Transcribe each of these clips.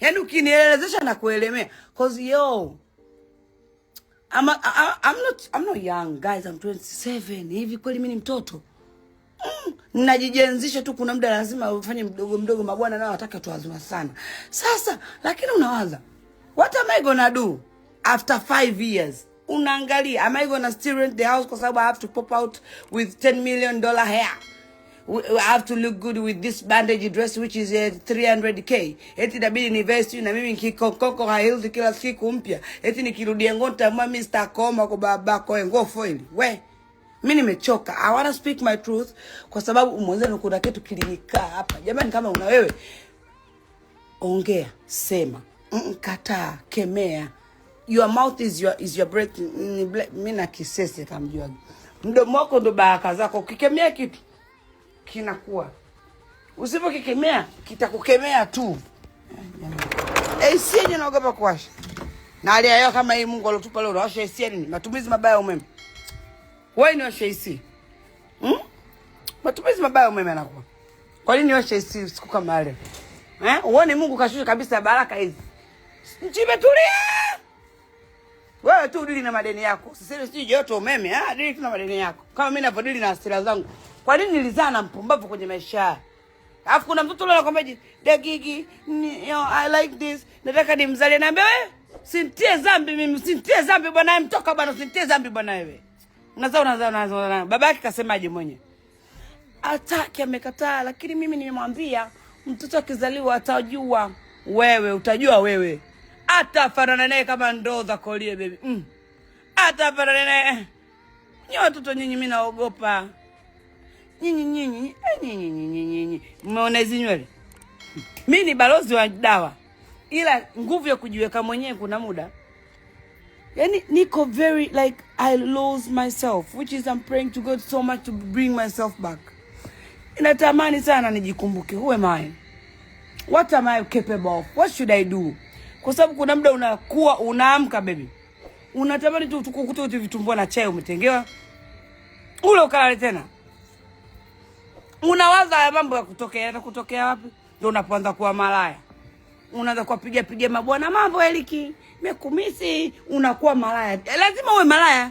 Yaani ukinielezesha na kuelemea. Cause yo I'm, a, I, I'm not I'm not young guys, I'm 27. Hivi kweli mimi ni mtoto? Mm, najijenzisha tu, kuna muda lazima ufanye mdogo mdogo, mabwana nao wataka tu wazima sana. Sasa lakini unawaza what am I gonna do after 5 years? Unaangalia am I gonna still rent the house kwa sababu I have to pop out with 10 million dollar hair. I have to look good with this bandage dress which is uh, 300k. Eti inabidi nivae sijui na mimi nikikokoko high kila siku mpya. Eti nikirudia ngono nitamwambia mimi sitakoma kwa babako ngofo hili. We. Mimi nimechoka. I wanna speak my truth kwa sababu mwenzenu kuna kitu kilinikaa hapa. Jamani kama una wewe ongea, sema, kataa, kemea. Your mouth is your is your breath. Mimi na kisese kamjua. Mdomo wako ndo baraka zako. Ukikemea kitu kinakuwa, usipokikemea kitakukemea tu. Eh, AC yenye naogopa kuwasha na hali ya kama hii. Mungu alotupa leo, unawasha AC nini? Matumizi mabaya ya umeme. Wewe ni washa AC hmm? Matumizi mabaya ya umeme anakuwa. Kwa nini washa AC siku kama ile? eh? Uone Mungu kashusha kabisa baraka hizi, nchi imetulia. Wewe tu dili na madeni yako. Sisi sijui joto umeme. Ah, dili tu na madeni yako. Kama mimi ninavyodili na hasira zangu. Kwa nini nilizaa na mpumbavu kwenye maisha? Alafu kuna mtoto leo anakwambia je, "The gigi, you know, I like this." Nataka nimzalie na wewe, "Sintie dhambi mimi, sintie dhambi bwana wewe mtoka bwana, sintie dhambi bwana wewe." Unazaa unazaa unazaa. Baba yake kasemaje mwenye? Ataki amekataa, lakini mimi nimemwambia mtoto akizaliwa atajua. Wewe utajua wewe atafanana naye kama ndoo za kolie baby mm. Atafanana naye nyewe. Watoto nyinyi, mimi naogopa nyinyi eh, nyinyi nyinyi nyinyi nyinyi, mmeona hizi nywele? Mimi ni balozi wa dawa, ila nguvu ya kujiweka mwenyewe kuna muda Yani, niko very like I lose myself which is I'm praying to God so much to bring myself back. Natamani sana nijikumbuke, who am I? What am I capable of? What should I do? kwa sababu kuna muda unakuwa unaamka bebi, unatamani tu kukuta vitumbua na chai umetengewa, ule ukalale tena, unawaza haya mambo ya kutokea kutokea wapi? Ndio unapoanza kuwa malaya, unaanza kuwapiga piga mabwana, mambo eliki mekumisi, unakuwa malaya. Lazima uwe malaya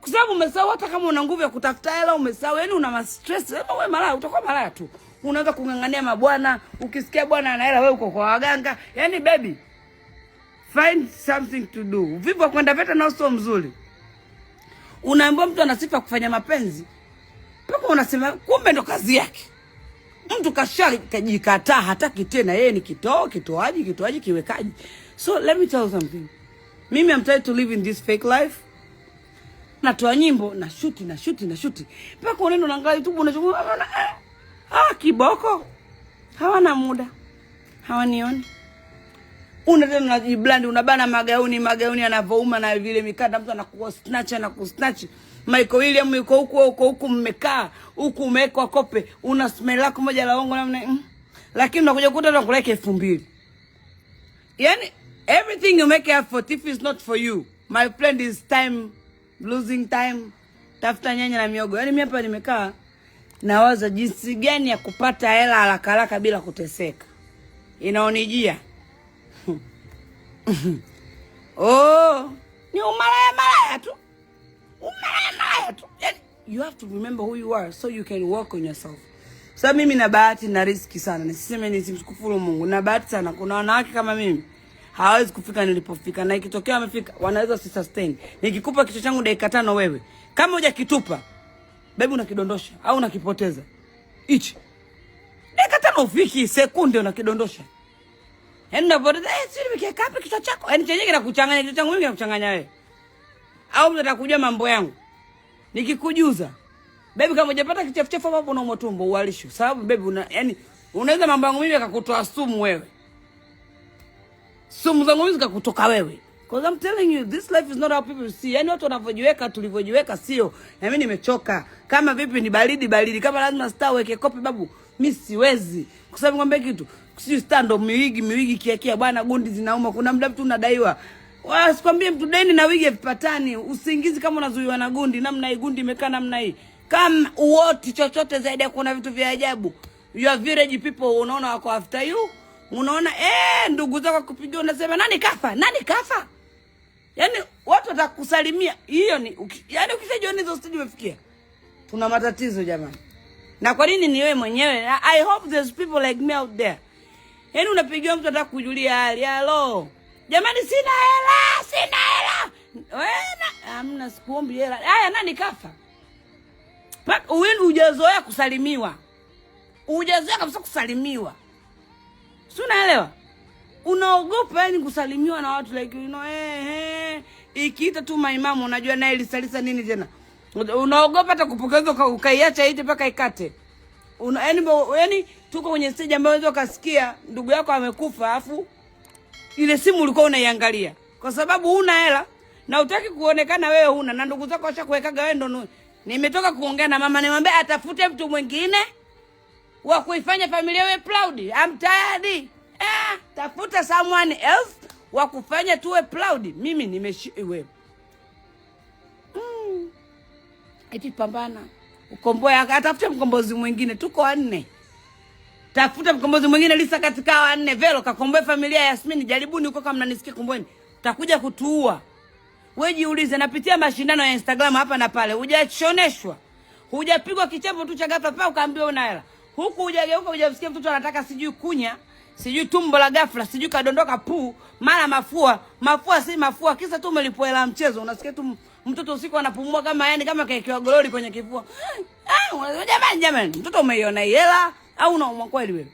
kwa sababu umesahau, hata kama una nguvu ya kutafuta hela umesahau, yani una stress, Lazima uwe malaya, utakuwa malaya tu, unaanza kung'ang'ania mabwana. Ukisikia bwana ana hela, wewe uko kwa waganga, yani baby Find something to do. Vipo kwenda VETA nao sio mzuri. Unaambiwa mtu ana sifa kufanya mapenzi, mpaka unasema kumbe ndo kazi yake. Mtu kashali kajikataa, hataki tena, yeye ni kitoo, kitoaji, kitoaji, kiwekaji. So let me tell you something. Mimi I'm trying to live in this fake life. Natoa nyimbo na shuti na shuti na shuti, mpaka unaenda unaangalia YouTube unachukua eh, ah, kiboko hawana muda hawanioni una tena unajiblandi, unabana magauni, magauni yanavyouma na vile mikanda, mtu anakuwa snatch na kusnatch. Michael William yuko huko huko huko, mmekaa huku, umewekwa kope, una smell lako moja la ongo namna mm. Lakini unakuja kukuta unakulaika elfu mbili yani everything you make effort if it's not for you my friend is time losing time. Tafuta nyanya na miogo. Yani mimi hapa nimekaa nawaza jinsi gani ya kupata hela haraka haraka bila kuteseka, inaonijia Oh, ni umalaya malaya tu, umalaya malaya tu. You have to remember who you are so you can work on yourself. Sasa so, mimi na bahati na riski sana, nisiseme nisimshukuru Mungu, na bahati sana. Kuna wanawake kama mimi hawawezi kufika nilipofika, na ikitokea wamefika wanaweza si sustain. Nikikupa kichwa changu dakika tano, wewe kama hujakitupa bebi, unakidondosha au unakipoteza. Hichi dakika tano ufiki sekunde, unakidondosha. Yaani eh, hapa kichwa chako. Yaani kichwa changu mimi wewe. Au mambo yangu. Nikikujuza. Baby kama hujapata kichefuchefu hapo Sababu baby una yaani unaweza mambo yangu mimi akakutoa sumu wewe. Sumu zangu mimi zikakutoka wewe. Cause I'm telling you this life is not how people see. Yaani watu wanavyojiweka tulivyojiweka sio. Na mimi nimechoka. Kama vipi ni baridi baridi. Kama lazima star weke kopi babu mi siwezi, kusema kwamba kitu si stando miwigi miwigi kiakia bwana, gundi zinauma. Kuna muda mtu unadaiwa, wasikwambie mtu deni na wigi vipatani. Usingizi kama unazuiwa na gundi namna hii, gundi imekaa namna hii, kama uoti chochote zaidi ya kuona vitu vya ajabu. your village people, unaona wako after you, unaona eh, ndugu zako kupigia, unasema nani kafa, nani kafa. Yani watu watakusalimia, hiyo ni yani, ukishajiona hizo stage umefikia. Tuna matatizo jamani. Na kwa nini ni wewe mwenyewe? I hope there's people like me out there. Yaani unapigiwa mtu anataka kujulia hali. Hello. Jamani sina hela, sina hela. Wewe hamna sikuombi hela. Haya nani kafa? Pak uwin ujazoea kusalimiwa. Ujazoea kabisa kusalimiwa. Si unaelewa? Unaogopa yani kusalimiwa na watu like you know, eh, hey, eh. hey. Ikiita tu maimamu unajua naye lisalisa nini tena? unaogopa hata kupokezwa ukaiacha iti mpaka ikate. yani, yani tuko kwenye stage ambayo unaweza ukasikia ndugu yako amekufa, afu ile simu ulikuwa unaiangalia kwa sababu huna hela na utaki kuonekana wewe huna, na ndugu zako washakuwekaga wewe ndo. Nimetoka kuongea na mama, nimwambia atafute mtu mwingine wa kuifanya familia we proud. I'm tired. Eh, tafuta someone else wa kufanya tuwe proud. Mimi nimeshiwe eti pambana ukomboe, atafute mkombozi mwingine. Tuko wanne, tafuta mkombozi mwingine. Lisa katika wanne, Velo kakomboe familia ya Yasmini. Jaribuni huko, kama mnanisikia, komboeni, takuja kutuua. Wewe jiulize, napitia mashindano ya Instagram hapa na pale, hujachoneshwa, hujapigwa kichapo tu cha ghafla pa ukaambiwa una hela, huku hujageuka, hujamsikia mtoto anataka sijui kunya sijui tumbo la ghafla, sijui kadondoka puu, mara mafua mafua, si mafua, kisa tu umelipoela mchezo, unasikia tu mtoto usiku anapumua kama yani kama kaekewa gololi kwenye kifua. Ah, jamani jamani, mtoto umeiona hela au unaumwa kweli wewe?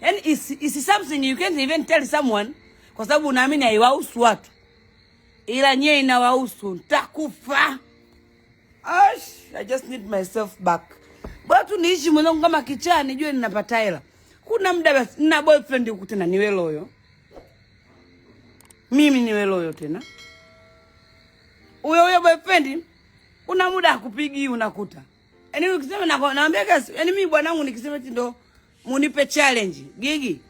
Yani is, is something you can't even tell someone kwa sababu unaamini haiwahusu watu. Ila nyie inawahusu. Nitakufa. Ash, I just need myself back. Bora tu niishi mwanangu kama kichaa nijue ninapata hela. Kuna muda basi nina boyfriend huko tena ni wewe loyo. Mimi ni wewe loyo tena huyo huyo boyfriend kuna muda akupigi unakuta. Yaani ukisema na naambia kasi, yaani mimi bwanangu nikisema eti ndo munipe challenge. Gigi,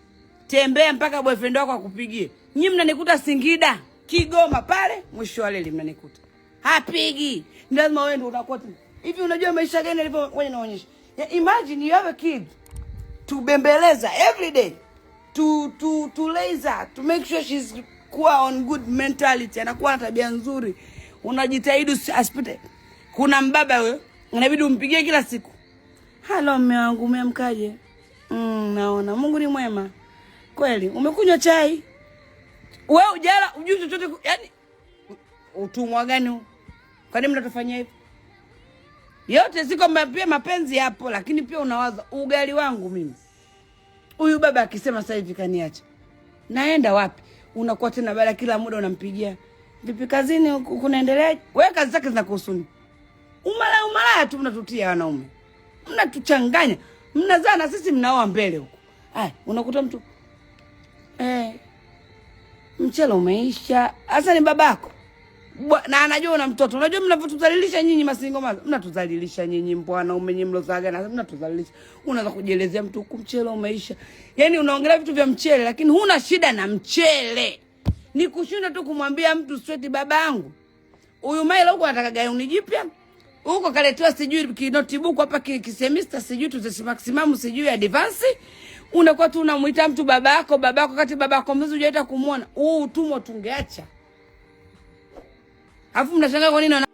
tembea mpaka boyfriend wako akupigie. Nyinyi mnanikuta Singida, Kigoma pale, mwisho wa leli mnanikuta. Hapigi. Ndio lazima wewe ndio unakuta. Hivi unajua maisha gani alipo wewe naonyesha. Ya imagine you have a kid to bembeleza every day to to to laser to make sure she's kuwa on good mentality, anakuwa na tabia nzuri unajitahidi asipite. Kuna mbaba huyo, inabidi umpigie kila siku, halo mme wangu, umeamkaje? Mm, naona Mungu ni mwema kweli. Umekunywa chai? We ujala ujui chochote yani, utumwa gani huu? Kwani mnatufanyia hivi? Yote ziko pia mapenzi yapo, lakini pia unawaza ugali wangu mimi. Huyu baba akisema sasa hivi kaniacha, naenda wapi? Unakuwa tena bala kila muda unampigia Vipi kazini kunaendelea? Wewe kazi zake zinakuhusu. nini? Umalaya umalaya tu mnatutia wanaume. Mnatuchanganya. Mnazaa na sisi mnaoa mbele huko. Ai, unakuta mtu eh mchele umeisha. Sasa ni babako. Bwa, Na anajua una mtoto. Unajua mnavyotudhalilisha nyinyi masingo maza. Mnatudhalilisha nyinyi mbwana umenye mlozaga na mnatudhalilisha. Unaanza kujielezea mtu huku mchele umeisha. Yaani unaongelea vitu vya mchele lakini huna shida na mchele ni kushinda tu kumwambia mtu baba yangu huyu Maila huko anataka gauni jipya huko kaletiwa sijui kinotibuku hapa kisemista sijui tutasimaksimamu sijui advance. Unakuwa tu unamwita mtu baba babako, kati yako mzuri hujaita kumwona. Huu utumwa tungeacha, alafu mnashangaa kwa nini